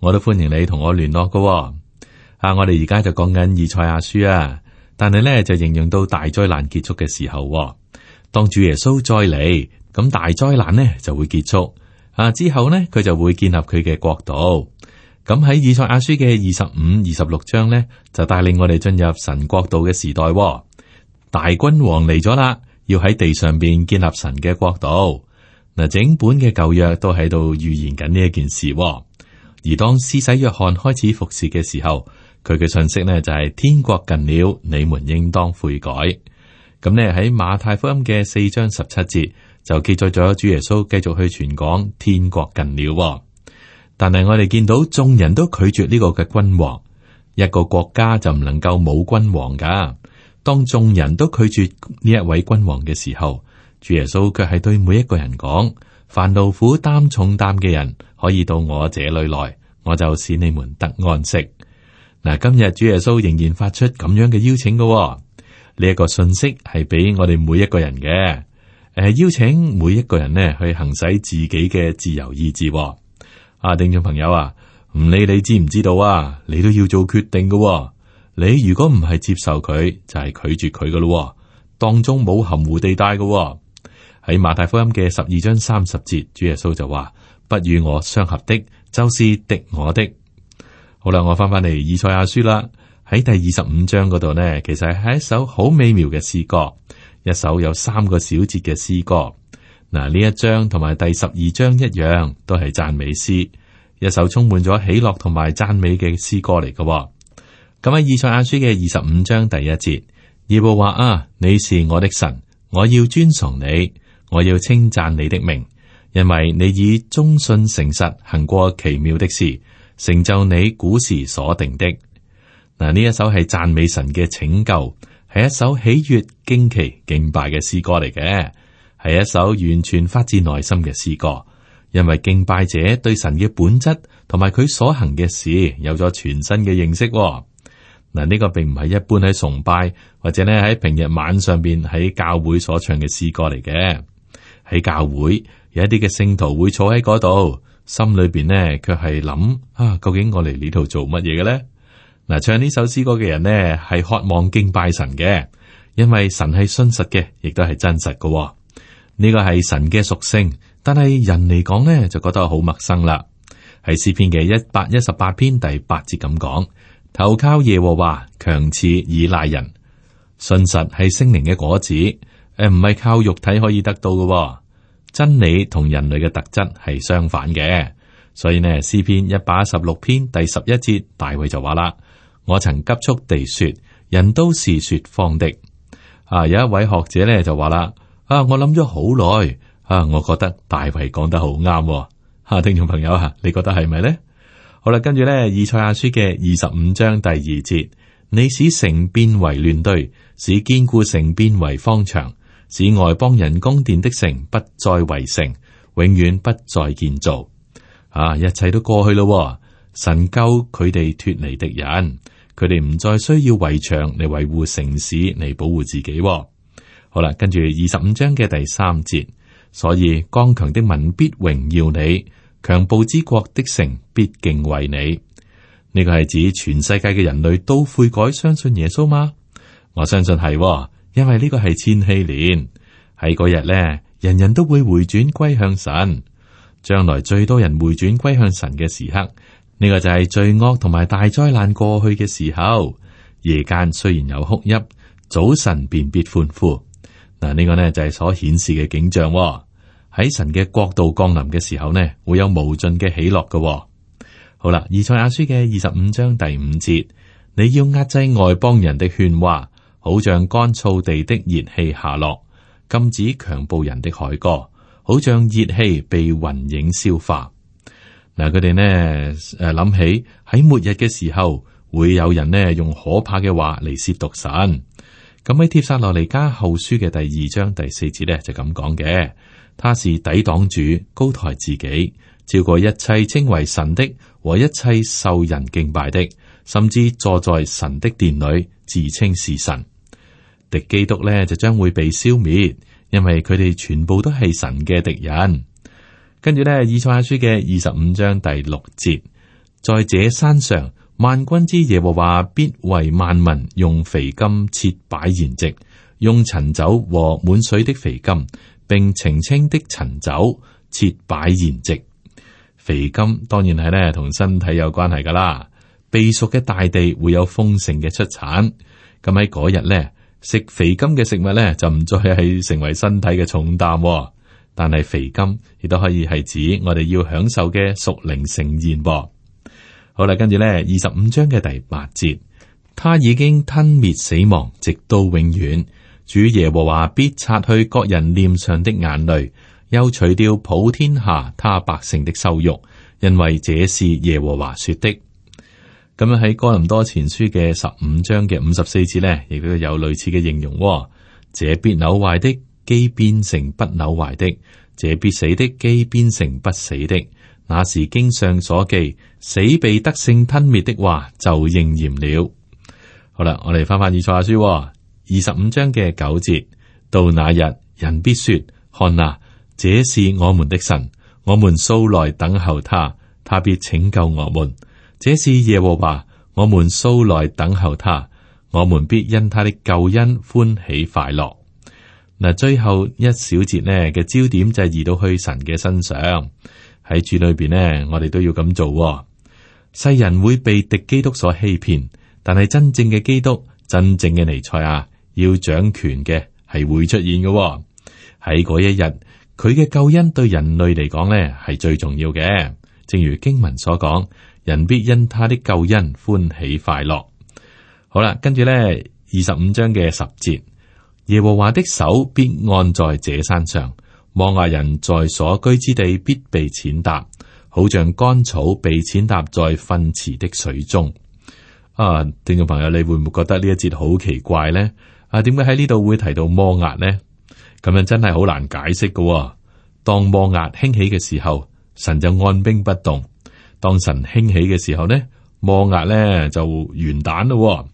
我都歡迎你同我聯絡㗎喎。啊，我哋而家就講緊以賽亞書啊，但係咧就形容到大災難結束嘅時候喎，當主耶穌再嚟，咁大災難呢就會結束啊。之後呢佢就會建立佢嘅國度。咁喺以賽亞書嘅二十五、二十六章呢，就帶領我哋進入神國度嘅時代喎。大君王嚟咗啦，要喺地上邊建立神嘅國度嗱。整本嘅舊約都喺度預言緊呢一件事喎。而當施洗約翰開始服侍嘅時候，佢嘅信息呢就係、是、天國近了，你們應當悔改。咁呢，喺馬太福音嘅四章十七節就記載咗主耶穌繼續去傳講天國近了、哦。但係我哋見到眾人都拒絕呢個嘅君王，一個國家就唔能夠冇君王噶。當眾人都拒絕呢一位君王嘅時候，主耶穌卻係對每一個人講：，凡勞苦擔重擔嘅人可以到我這裏來。我就使你們得安息。嗱，今日主耶穌仍然發出咁樣嘅邀請嘅、哦，呢、這、一個信息係俾我哋每一個人嘅。誒、呃，邀請每一個人咧去行使自己嘅自由意志、哦。啊，聽眾朋友啊，唔理你知唔知道啊，你都要做決定嘅、哦。你如果唔係接受佢，就係、是、拒絕佢嘅咯。當中冇含糊地帶嘅、哦。喺馬太福音嘅十二章三十節，主耶穌就話：不與我相合的。就是敵我的。好啦，我翻返嚟以賽亞書啦，喺第二十五章嗰度呢，其實係一首好美妙嘅詩歌，一首有三個小節嘅詩歌。嗱，呢一章同埋第十二章一樣，都係讚美詩，一首充滿咗喜樂同埋讚美嘅詩歌嚟嘅。咁喺以賽亞書嘅二十五章第一節，耶和華啊，你是我的神，我要尊崇你，我要稱讚你的名。因為你以忠信誠實行過奇妙的事，成就你古時所定的。嗱，呢一首係讚美神嘅拯救，係一首喜悅、驚奇、敬拜嘅詩歌嚟嘅，係一首完全發自內心嘅詩歌。因為敬拜者對神嘅本質同埋佢所行嘅事有咗全新嘅認識。嗱，呢個並唔係一般喺崇拜或者呢喺平日晚上面喺教會所唱嘅詩歌嚟嘅，喺教會。有一啲嘅聖徒會坐喺嗰度，心裏邊呢，佢係諗啊，究竟我嚟呢度做乜嘢嘅呢？嗱、啊，唱呢首詩歌嘅人呢，係渴望敬拜神嘅，因為神係信實嘅，亦都係真實嘅、哦。呢個係神嘅屬性，但係人嚟講呢，就覺得好陌生啦。係詩篇嘅一百一十八篇第八節咁講：投靠耶和華，強似以賴人。信實係聖靈嘅果子，誒、呃，唔係靠肉體可以得到嘅、哦。真理同人類嘅特質係相反嘅，所以呢，詩篇一百十六篇第十一節大衛就話啦：我曾急速地說，人都是說謊的。啊，有一位學者咧就話啦：啊，我諗咗好耐，啊，我覺得大衛講得好啱、啊。吓、啊，聽眾朋友吓，你覺得係咪呢？好啦，跟住咧以賽亞書嘅二十五章第二節，你使城變為亂堆，使堅固城變為荒場。使外邦人宮殿的城不再為城，永遠不再建造。啊，一切都過去咯。神救佢哋脫離敵人，佢哋唔再需要圍牆嚟維護城市嚟保護自己。好啦，跟住二十五章嘅第三節，所以剛強的民必榮耀你，強暴之國的城必敬畏你。呢、這個係指全世界嘅人類都悔改，相信耶穌嗎？我相信係、喎。因為呢個係千禧年，喺嗰日呢，人人都會回轉歸向神。將來最多人回轉歸向神嘅時刻，呢、呢個就係罪惡同埋大災難過去嘅時候。夜間雖然有哭泣，早晨便必歡呼。嗱，呢個呢就係所顯示嘅景象。喺神嘅國度降臨嘅時候呢，會有無盡嘅喜樂嘅。好啦，《以賽亞書》嘅二十五章第五節，你要壓制外邦人的勸話。好像乾燥地的熱氣下落，禁止強暴人的凱歌；好像熱氣被雲影消化。嗱，佢哋呢誒諗起喺末日嘅時候，會有人呢用可怕嘅話嚟褻瀆神。咁喺帖撒羅尼加後書嘅第二章第四節呢，就咁講嘅，他是抵擋主，高抬自己，照過一切稱為神的和一切受人敬拜的，甚至坐在神的殿裏，自稱是神。敵基督咧就將會被消滅，因為佢哋全部都係神嘅敵人。跟住咧，以賽亞書嘅二十五章第六節，在這山上，萬軍之耶和華必為萬民用肥甘設擺筵席，用陳酒和滿髓的肥甘，並澄清的陳酒設擺筵席。肥甘當然係咧同身體有關係噶啦，肥熟嘅大地會有豐盛嘅出產。咁喺嗰日咧。食肥甘嘅食物呢，就唔再係成為身體嘅重擔、哦，但係肥甘亦都可以係指我哋要享受嘅屬靈盛宴、哦。好啦，跟住呢，二十五章嘅第八節，他已經吞滅死亡，直到永遠。主耶和華必擦去各人臉上的眼淚，又除掉普天下他百姓的羞辱，因為這是耶和華說的。咁喺哥林多前書嘅十五章嘅五十四節呢，亦都有類似嘅形容、哦。這必朽壞的，既變成不朽壞的；這必死的，既變成不死的。那時經上所記，死被得勝吞滅的話，就應驗了。好啦，我哋翻翻以賽亞書二十五章嘅九節，到那日，人必說：看啊，這是我們的神，我們素來等候他，他必拯救我們。這是耶和華，我們素來等候他，我們必因他的救恩歡喜快樂。嗱，最後一小節呢嘅焦點就係移到去神嘅身上，喺主裏邊呢，我哋都要咁做、哦。世人會被敵基督所欺騙，但係真正嘅基督，真正嘅彌賽亞要掌權嘅係會出現嘅、哦。喺嗰一日，佢嘅救恩對人類嚟講呢係最重要嘅，正如經文所講。人必因他的救恩歡喜快樂。好啦，跟住咧，二十五章嘅十節，耶和華的手必按在這山上，摩押人在所居之地必被踐踏，好像乾草被踐踏在糞池的水中。啊，聽眾朋友，你會唔會覺得呢一節好奇怪呢？啊，點解喺呢度會提到摩押呢？咁樣真係好難解釋嘅喎。當摩押興起嘅時候，神就按兵不動。當神興起嘅時候呢，摩押呢就完蛋咯、哦。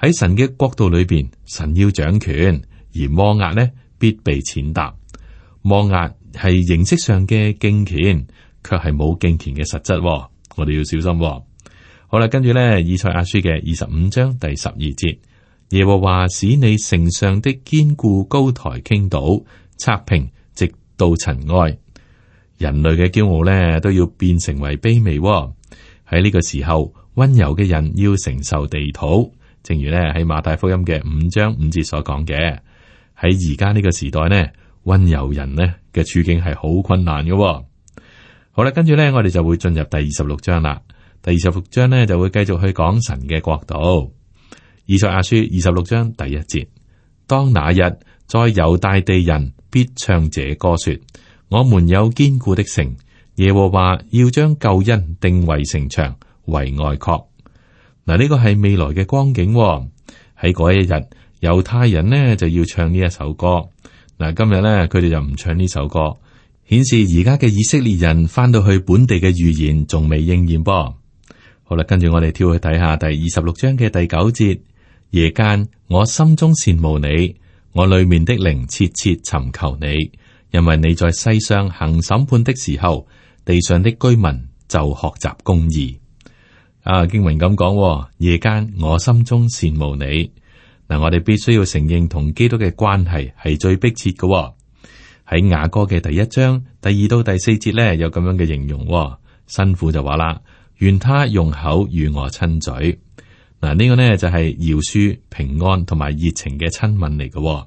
喺神嘅國度裏邊，神要掌權，而摩押呢必被踐踏。摩押係形式上嘅敬虔，卻係冇敬虔嘅實質、哦。我哋要小心、哦。好啦，跟住呢以賽亞書嘅二十五章第十二節，耶和華使你城上的堅固高台傾倒，拆平，直到塵埃。人類嘅驕傲咧都要變成為卑微喎、哦。喺呢個時候，温柔嘅人要承受地土，正如咧喺馬太福音嘅五章五節所講嘅。喺而家呢個時代咧，温柔人咧嘅處境係好困難嘅、哦。好啦，跟住咧我哋就會進入第二十六章啦。第二十六章呢，就會繼續去講神嘅國度。以賽亞書二十六章第一節：當那日，在猶大地人必唱這歌說。我們有堅固的城，耶和華要將救恩定為城牆，為外郭。嗱，呢個係未來嘅光景喎、哦。喺嗰一日，猶太人呢就要唱呢一首歌。嗱，今日呢佢哋就唔唱呢首歌，顯示而家嘅以色列人返到去本地嘅預言仲未應驗噃。好啦，跟住我哋跳去睇下第二十六章嘅第九節。夜間，我心中羨慕你，我裏面的靈切切尋求你。因為你在世上行審判的時候，地上的居民就學習公義。啊，經文咁講，夜間我心中羨慕你。嗱、啊，我哋必須要承認同基督嘅關係係最迫切嘅、哦。喺雅歌嘅第一章第二到第四節咧，有咁樣嘅形容、哦。辛苦就話啦，願他用口與我親嘴。嗱、啊，呢、這個呢，就係、是、饒恕平安同埋熱情嘅親吻嚟嘅。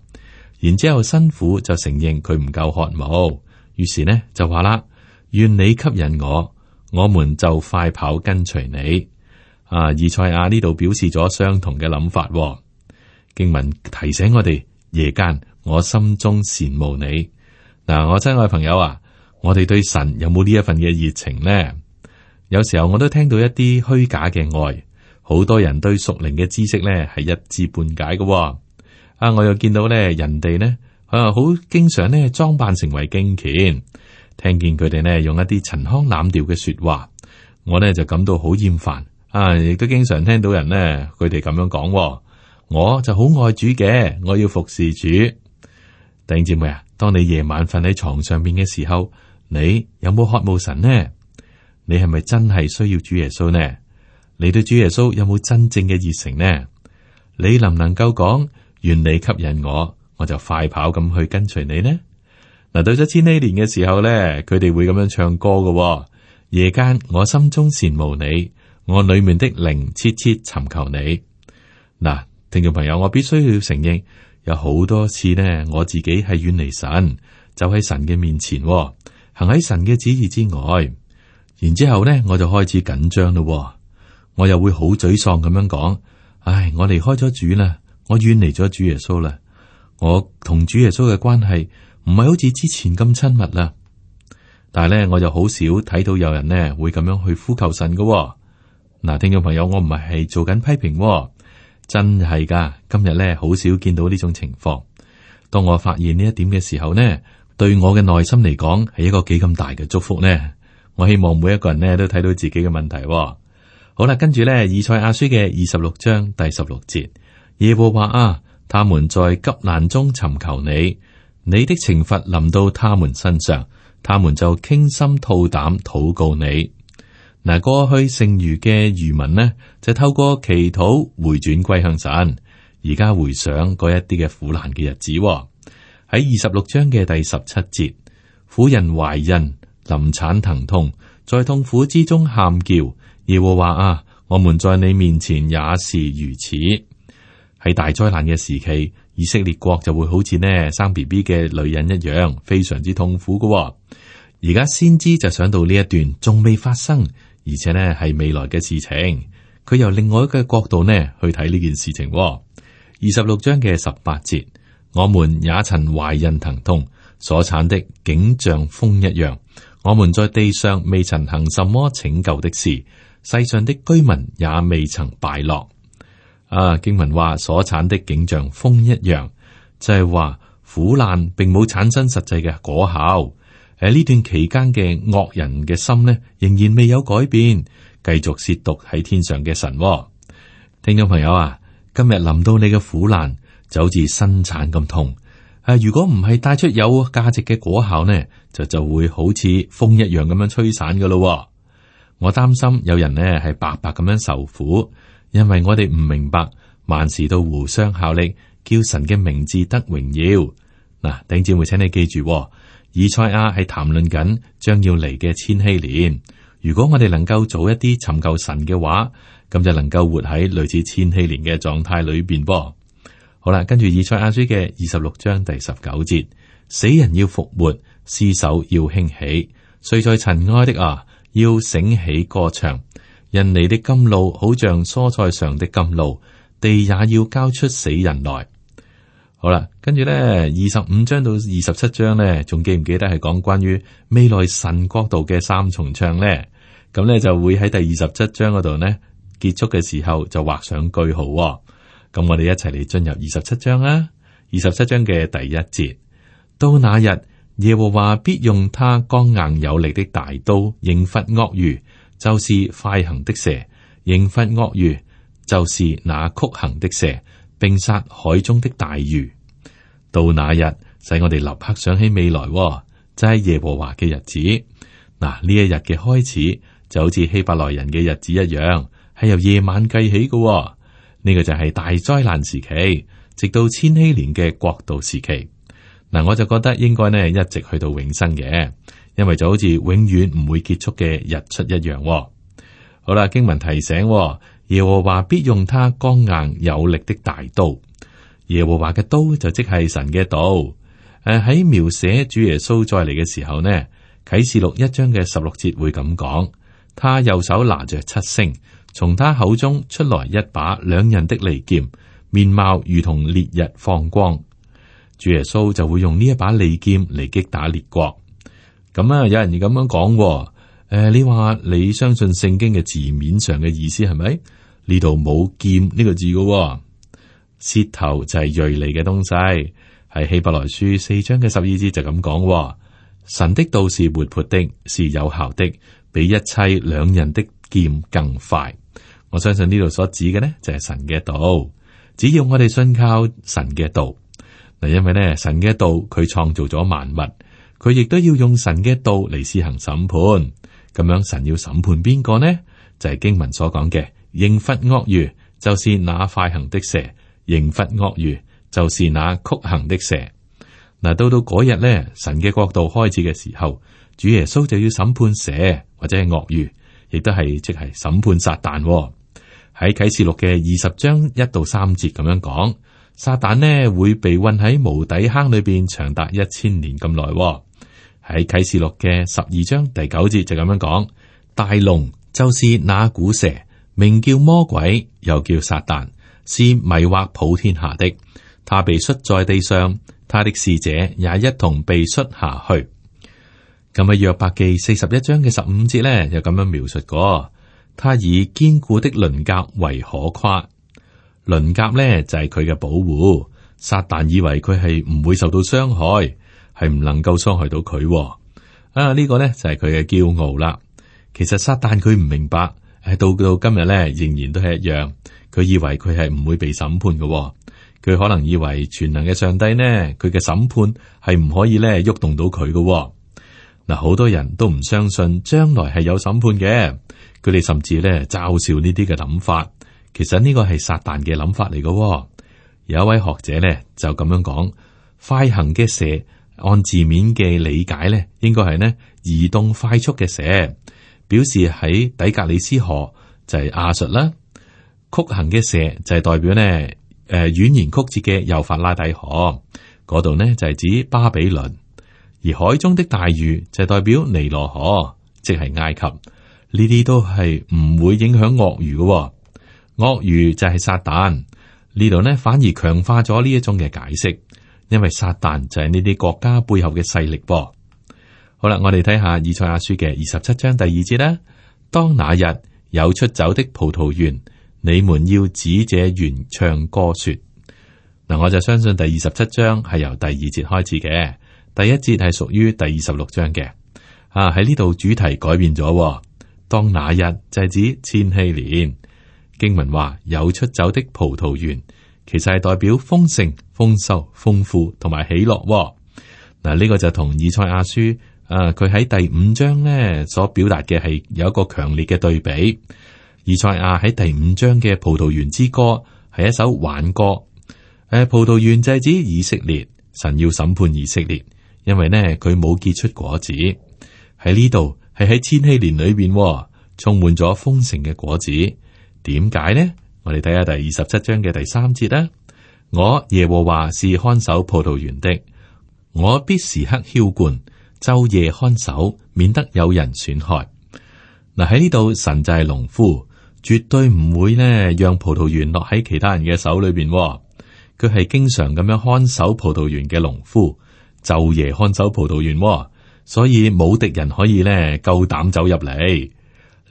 然之後，新婦就承認佢唔夠渴慕，於是呢就話啦：願你吸引我，我們就快跑跟隨你。啊，以賽亞呢度表示咗相同嘅諗法、哦。經文提醒我哋：夜間我心中羨慕你。嗱、啊，我親愛朋友啊，我哋對神有冇呢一份嘅熱情呢？有時候我都聽到一啲虛假嘅愛，好多人對屬靈嘅知識呢係一知半解嘅、哦。啊！我又見到咧，人哋咧啊，好經常咧裝扮成為敬虔，聽見佢哋咧用一啲陳腔濫調嘅說話，我咧就感到好厭煩啊！亦都經常聽到人咧，佢哋咁樣講、哦，我就好愛主嘅，我要服侍主。弟兄姊妹啊，當你夜晚瞓喺床上邊嘅時候，你有冇渴慕神呢？你係咪真係需要主耶穌呢？你對主耶穌有冇真正嘅熱誠呢？你能唔能夠講？願你吸引我，我就快跑咁去跟隨你呢。嗱，到咗千禧年嘅時候咧，佢哋會咁樣唱歌嘅。夜間我心中羨慕你，我裏面的靈切切尋求你。嗱，聽眾朋友，我必須要承認，有好多次呢，我自己係遠離神，走喺神嘅面前，行喺神嘅旨意之外，然之後咧，我就開始緊張咯。我又會好沮喪咁樣講：唉，我離開咗主啦。我遠離咗主耶穌啦，我同主耶穌嘅關係唔係好似之前咁親密啦。但係咧，我就好少睇到有人咧會咁樣去呼求神嘅嗱、喎啊。聽眾朋友，我唔係做緊批評、喎，真係噶。今日咧好少見到呢種情況。當我發現呢一點嘅時候呢，對我嘅內心嚟講係一個幾咁大嘅祝福呢。我希望每一個人咧都睇到自己嘅問題、喎。好啦，跟住咧以賽亞書嘅二十六章第十六節。耶和華啊，他們在急難中尋求你，你的懲罰臨到他們身上，他們就傾心吐膽禱告你。嗱，過去剩餘嘅漁民呢，就透過祈禱回轉歸向神。而家回想嗰一啲嘅苦難嘅日子喎。喺二十六章嘅第十七節，婦人懷孕臨產疼痛，在痛苦之中喊叫。耶和華啊，我們在你面前也是如此。喺大災難嘅時期，以色列國就會好似呢生 BB 嘅女人一樣，非常之痛苦噶、哦。而家先知就想到呢一段，仲未發生，而且呢係未來嘅事情。佢由另外一個角度呢去睇呢件事情、哦。二十六章嘅十八節，我們也曾懷孕疼痛，所產的竟像風一樣。我們在地上未曾行什麼拯救的事，世上的居民也未曾敗落。啊！經文話所產的景象風一樣，就係、是、話苦難並冇產生實際嘅果效。喺、啊、呢段期間嘅惡人嘅心呢，仍然未有改變，繼續褻瀆喺天上嘅神、哦。聽眾朋友啊，今日臨到你嘅苦難，就好似生產咁痛。誒、啊，如果唔係帶出有價值嘅果效呢，就就會好似風一樣咁樣吹散噶啦、哦。我擔心有人呢係白白咁樣受苦。因為我哋唔明白萬事都互相效力，叫神嘅名字得榮耀。嗱、啊，頂姐妹，請你記住、哦，以賽亞係談論緊將要嚟嘅千禧年。如果我哋能夠早一啲尋求神嘅話，咁就能夠活喺類似千禧年嘅狀態裏邊噃。好啦，跟住以賽亞書嘅二十六章第十九節：死人要復活，屍首要興起，睡在塵埃的啊，要醒起歌唱。人嚟的甘露好像蔬菜上的甘露，地也要交出死人來。好啦，跟住咧，二十五章到二十七章咧，仲記唔記得係講關於未來神國度嘅三重唱咧？咁咧就會喺第二十七章嗰度呢，結束嘅時候就畫上句號，哦。咁我哋一齊嚟進入二十七章啊！二十七章嘅第一節，到那日耶和華必用他剛硬有力的大刀，刑罰鱷魚。就是快行的蛇，刑罰鱷魚；就是那曲行的蛇，並殺海中的大魚。到那日，使我哋立刻想起未來，就係、是、耶和華嘅日子。嗱，呢一日嘅開始，就好似希伯來人嘅日子一樣，係由夜晚計起嘅。呢、這個就係大災難時期，直到千禧年嘅國度時期。嗱，我就覺得應該呢，一直去到永生嘅。因為就好似永遠唔會結束嘅日出一樣，哦。好啦，經文提醒、哦、耶和華必用他剛硬有力的大刀。耶和華嘅刀就即係神嘅刀。誒、啊，喺描寫主耶穌再嚟嘅時候呢，《啟示錄》一章嘅十六節會咁講：他右手拿着七星，從他口中出來一把兩刃的利劍，面貌如同烈日放光。主耶穌就會用呢一把利劍嚟擊打列國。咁啊！有人要咁樣講、哦，誒、呃，你話你相信聖經嘅字面上嘅意思係咪？呢度冇劍呢個字嘅、哦，舌頭就係銳利嘅東西，係希伯來書四章嘅十二節就咁講、哦，神的道是活潑的，是有效的，比一切兩人的劍更快。我相信呢度所指嘅呢，就係神嘅道，只要我哋信靠神嘅道，嗱，因為呢，神嘅道佢創造咗萬物。佢亦都要用神嘅道嚟施行審判，咁樣神要審判邊個呢？就係、是、經文所講嘅，刑罰鱷魚就是那快行的蛇，刑罰鱷魚就是那曲行的蛇。嗱，到到嗰日呢，神嘅國度開始嘅時候，主耶穌就要審判蛇或者係鱷魚，亦都係即係審判撒旦喺、哦、啟示錄嘅二十章一到三節咁樣講，撒旦呢會被困喺無底坑裏邊長達一千年咁耐、哦。喺啟示錄嘅十二章第九節就咁樣講，大龍就是那古蛇，名叫魔鬼，又叫撒旦，是迷惑普天下的。他被摔在地上，他的使者也一同被摔下去。咁啊，約伯記四十一章嘅十五節呢，又咁樣描述過，他以堅固的鱗甲為可誇，鱗甲呢，就係佢嘅保護。撒旦以為佢係唔會受到傷害。係唔能夠傷害到佢、哦、啊？呢、這個呢，就係佢嘅驕傲啦。其實撒旦佢唔明白，誒、啊、到到今日呢，仍然都係一樣。佢以為佢係唔會被審判嘅、哦，佢可能以為全能嘅上帝呢，佢嘅審判係唔可以咧喐動，動到佢噶嗱。好、啊、多人都唔相信將來係有審判嘅，佢哋甚至咧嘲笑呢啲嘅諗法。其實呢個係撒旦嘅諗法嚟噶、哦。有一位學者呢，就咁樣講：快行嘅蛇。按字面嘅理解咧，應該係呢移動快速嘅蛇，表示喺底格里斯河就係、是、亞述啦；曲行嘅蛇就係代表呢誒蜿蜒曲折嘅幼發拉底河嗰度呢，就係指巴比倫；而海中的大魚就係代表尼羅河，即、就、係、是、埃及。呢啲都係唔會影響鱷魚嘅，鱷魚就係撒旦。呢度呢，反而強化咗呢一種嘅解釋。因為撒旦就係呢啲國家背後嘅勢力噃、哦。好啦，我哋睇下以賽亞書嘅二十七章第二節啦。當那日有出走的葡萄園，你們要指這園唱歌說。嗱，我就相信第二十七章係由第二節開始嘅，第一節係屬於第二十六章嘅。啊，喺呢度主題改變咗。當那日就係、是、指千禧年經文話有出走的葡萄園。其實係代表豐盛、豐收、豐富同埋喜樂、哦。嗱，呢個就同以賽亞書啊，佢喺第五章呢所表達嘅係有一個強烈嘅對比。以賽亞喺第五章嘅葡萄園之歌係一首輓歌。誒、啊，葡萄園就係指以色列，神要審判以色列，因為呢，佢冇結出果子。喺呢度係喺千禧年裏邊、哦，充滿咗豐盛嘅果子。點解呢？我哋睇下第二十七章嘅第三節啦。我耶和華是看守葡萄園的，我必時刻澆灌，晝夜看守，免得有人損害。嗱，喺呢度，神就係農夫，絕對唔會呢讓葡萄園落喺其他人嘅手裏邊。佢、哦、係經常咁樣看守葡萄園嘅農夫，晝夜看守葡萄園，所以冇敵人可以呢夠膽走入嚟。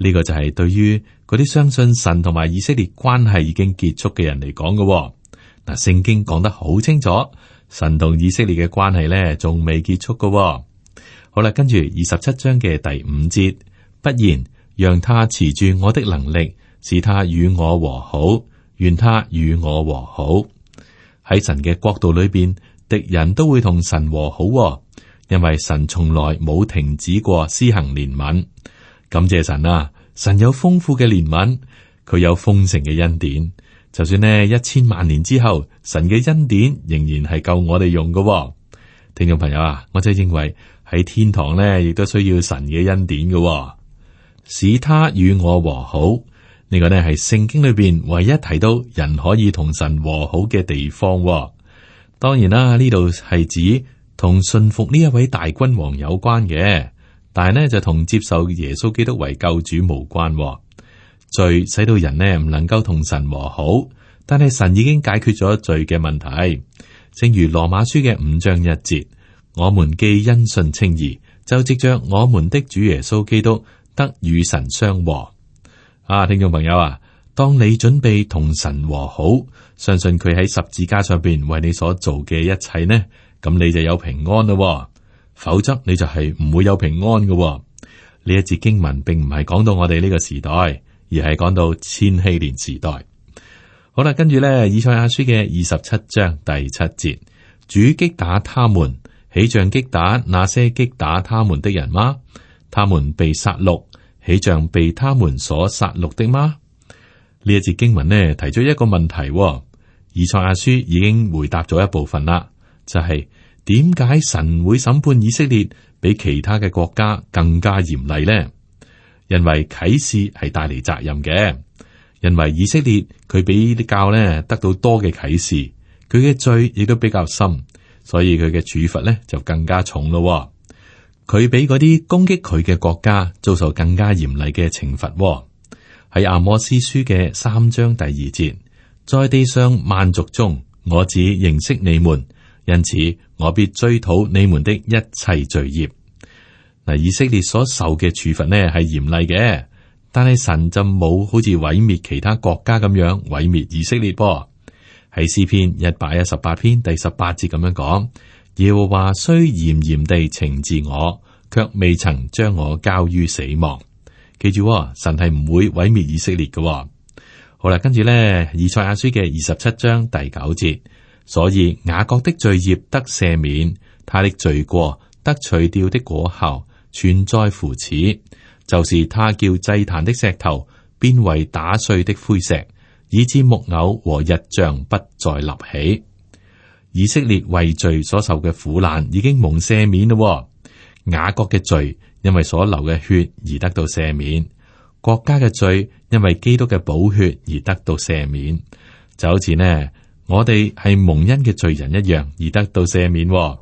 呢、這個就係對於。嗰啲相信神同埋以色列關係已經結束嘅人嚟講嘅，嗱，聖經講得好清楚，神同以色列嘅關係咧仲未結束嘅、哦，好啦，跟住二十七章嘅第五節，不然讓他持住我的能力，使他與我和好，願他與我和好。喺神嘅國度裏邊，敵人都會同神和好、哦，因為神從來冇停止過施行憐憫。感謝神啊！神有豐富嘅憐憫，佢有豐盛嘅恩典。就算呢一千萬年之後，神嘅恩典仍然係夠我哋用嘅、哦。聽眾朋友啊，我真係認為喺天堂呢，亦都需要神嘅恩典嘅、哦，使他與我和好。呢、呢個呢係聖經裏邊唯一提到人可以同神和好嘅地方、哦。當然啦、啊，呢度係指同信服呢一位大君王有關嘅。但係呢就同接受耶穌基督為救主無關哦，罪使到人呢唔能夠同神和好，但係神已經解決咗罪嘅問題，正如羅馬書嘅五章一節，我們既因信稱義，就藉着我們的主耶穌基督得與神相和。啊，聽眾朋友啊，當你準備同神和好，相信佢喺十字架上邊為你所做嘅一切呢，咁你就有平安咯哦。否則你就係唔會有平安嘅喎。呢一節經文並唔係講到我哋呢個時代，而係講到千禧年時代。好啦，跟住呢，以賽亞書嘅二十七章第七節，主擊打他們，豈像擊打那些擊打他們的人嗎？他們被殺戮，豈像被他們所殺戮的嗎？呢一節經文呢提出一個問題喎，以賽亞書已經回答咗一部分啦，就係、是。點解神會審判以色列比其他嘅國家更加嚴厲呢？因為啟示係帶嚟責任嘅，因為以色列佢比呢啲教呢得到多嘅啟示，佢嘅罪亦都比較深，所以佢嘅處罰呢就更加重咯。佢比嗰啲攻擊佢嘅國家遭受更加嚴厲嘅懲罰。喺阿摩斯書嘅三章第二節，在地上萬族中，我只認識你們。因此，我必追討你們的一切罪孽。嗱，以色列所受嘅處罰呢係嚴厲嘅，但係神就冇好似毀滅其他國家咁樣毀滅以色列噃。係詩篇一百一十八篇第十八節咁樣講：耶和華雖嚴嚴地懲治我，卻未曾將我交於死亡。記住，神係唔會毀滅以色列嘅。好啦，跟住呢，以賽亞書嘅二十七章第九節。所以雅各的罪孽得赦免，他的罪過得除掉的果效全在乎此，就是他叫祭壇的石頭變為打碎的灰石，以致木偶和日像不再立起。以色列為罪所受嘅苦難已經蒙赦免咯，雅各嘅罪因為所流嘅血而得到赦免，國家嘅罪因為基督嘅寶血而得到赦免，就好似呢。我哋係蒙恩嘅罪人一樣而得到赦免，哦。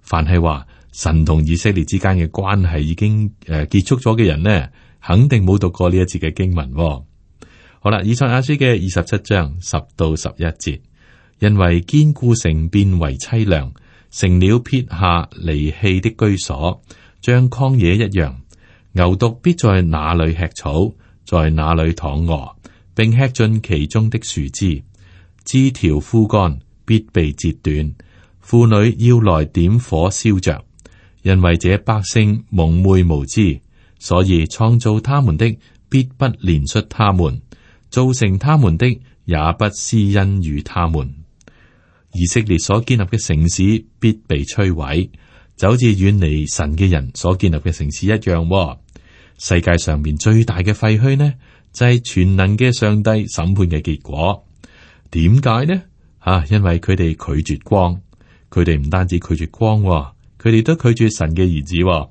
凡係話神同以色列之間嘅關係已經誒、呃、結束咗嘅人呢，肯定冇讀過呢一節嘅經文，哦。好啦，以賽亞書嘅二十七章十到十一節，因為堅固城變為淒涼，成了撇下離棄的居所，像曠野一樣，牛犢必在哪裏吃草，在哪裏躺臥，並吃盡其中的樹枝。枝條枯乾，必被截斷。婦女要來點火燒着，因為這百姓蒙昧無知，所以創造他們的必不憐恤他們，造成他們的也不施恩於他們。以色列所建立嘅城市必被摧毀，就好似遠離神嘅人所建立嘅城市一樣。世界上面最大嘅廢墟呢，就係、是、全能嘅上帝審判嘅結果。點解呢？啊，因為佢哋拒絕光，佢哋唔單止拒絕光、哦，佢哋都拒絕神嘅兒子、哦。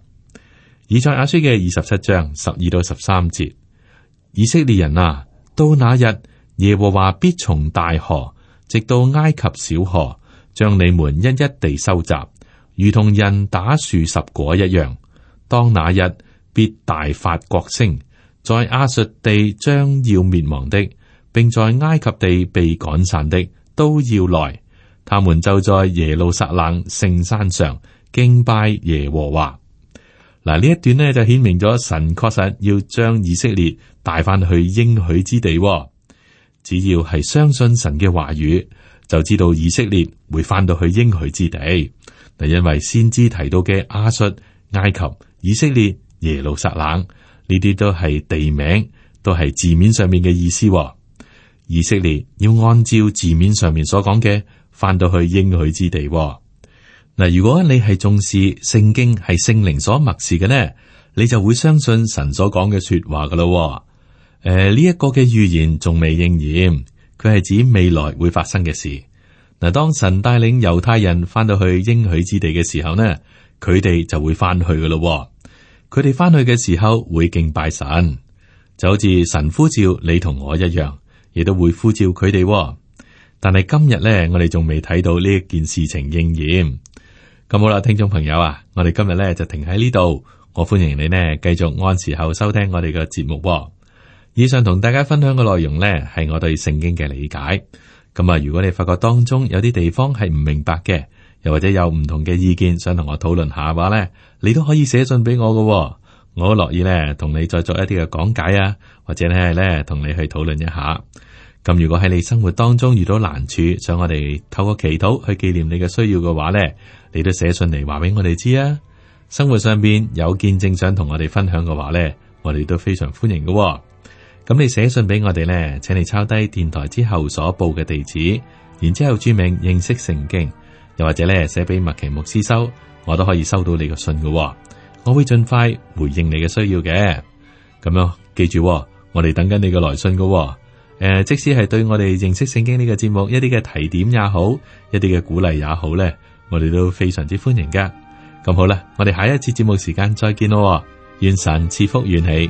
以賽亞書嘅二十七章十二到十三節，以色列人啊，到那日，耶和華必從大河直到埃及小河，將你們一一地收集，如同人打樹拾果一樣。當那日，必大發國聲，在亞述地將要滅亡的。並在埃及地被趕散的都要來，他們就在耶路撒冷聖山上敬拜耶和華。嗱，呢一段呢就顯明咗神確實要將以色列帶翻去應許之地。只要係相信神嘅話語，就知道以色列會翻到去應許之地。嗱，因為先知提到嘅亞述、埃及、以色列、耶路撒冷，呢啲都係地名，都係字面上面嘅意思。以色列要按照字面上面所講嘅，翻到去應許之地。嗱，如果你係重視聖經係聖靈所默示嘅咧，你就會相信神所講嘅說話噶咯，誒、呃，呢、這、一個嘅預言仲未應驗，佢係指未來會發生嘅事。嗱，當神帶領猶太人翻到去應許之地嘅時候咧，佢哋就會翻去噶咯，佢哋翻去嘅時候會敬拜神，就好似神呼召你同我一樣。亦都會呼召佢哋、哦，但係今日呢，我哋仲未睇到呢一件事情應驗。咁、嗯、好啦，聽眾朋友啊，我哋今日呢就停喺呢度。我歡迎你呢繼續按時候收聽我哋嘅節目、哦。以上同大家分享嘅內容呢，係我對聖經嘅理解。咁、嗯、啊，如果你發覺當中有啲地方係唔明白嘅，又或者有唔同嘅意見想同我討論下話呢，你都可以寫信俾我噶、哦。我樂意咧，同你再作一啲嘅講解啊，或者咧係咧，同你去討論一下。咁如果喺你生活當中遇到難處，想我哋透過祈禱去紀念你嘅需要嘅話咧，你都寫信嚟，話俾我哋知啊。生活上邊有見證想同我哋分享嘅話咧，我哋都非常歡迎嘅喎。咁你寫信俾我哋咧，請你抄低電台之後所報嘅地址，然之後註明認識聖經，又或者咧寫俾麥奇牧師收，我都可以收到你嘅信嘅喎。我會盡快回應你嘅需要嘅。咁樣記住、哦，我哋等緊你嘅來信噶、哦，誒、呃，即使係對我哋認識聖經呢、這個節目一啲嘅提點也好，一啲嘅鼓勵也好咧，我哋都非常之歡迎噶咁好啦，我哋下一次節目時間再見咯，願神賜福與、啊、你。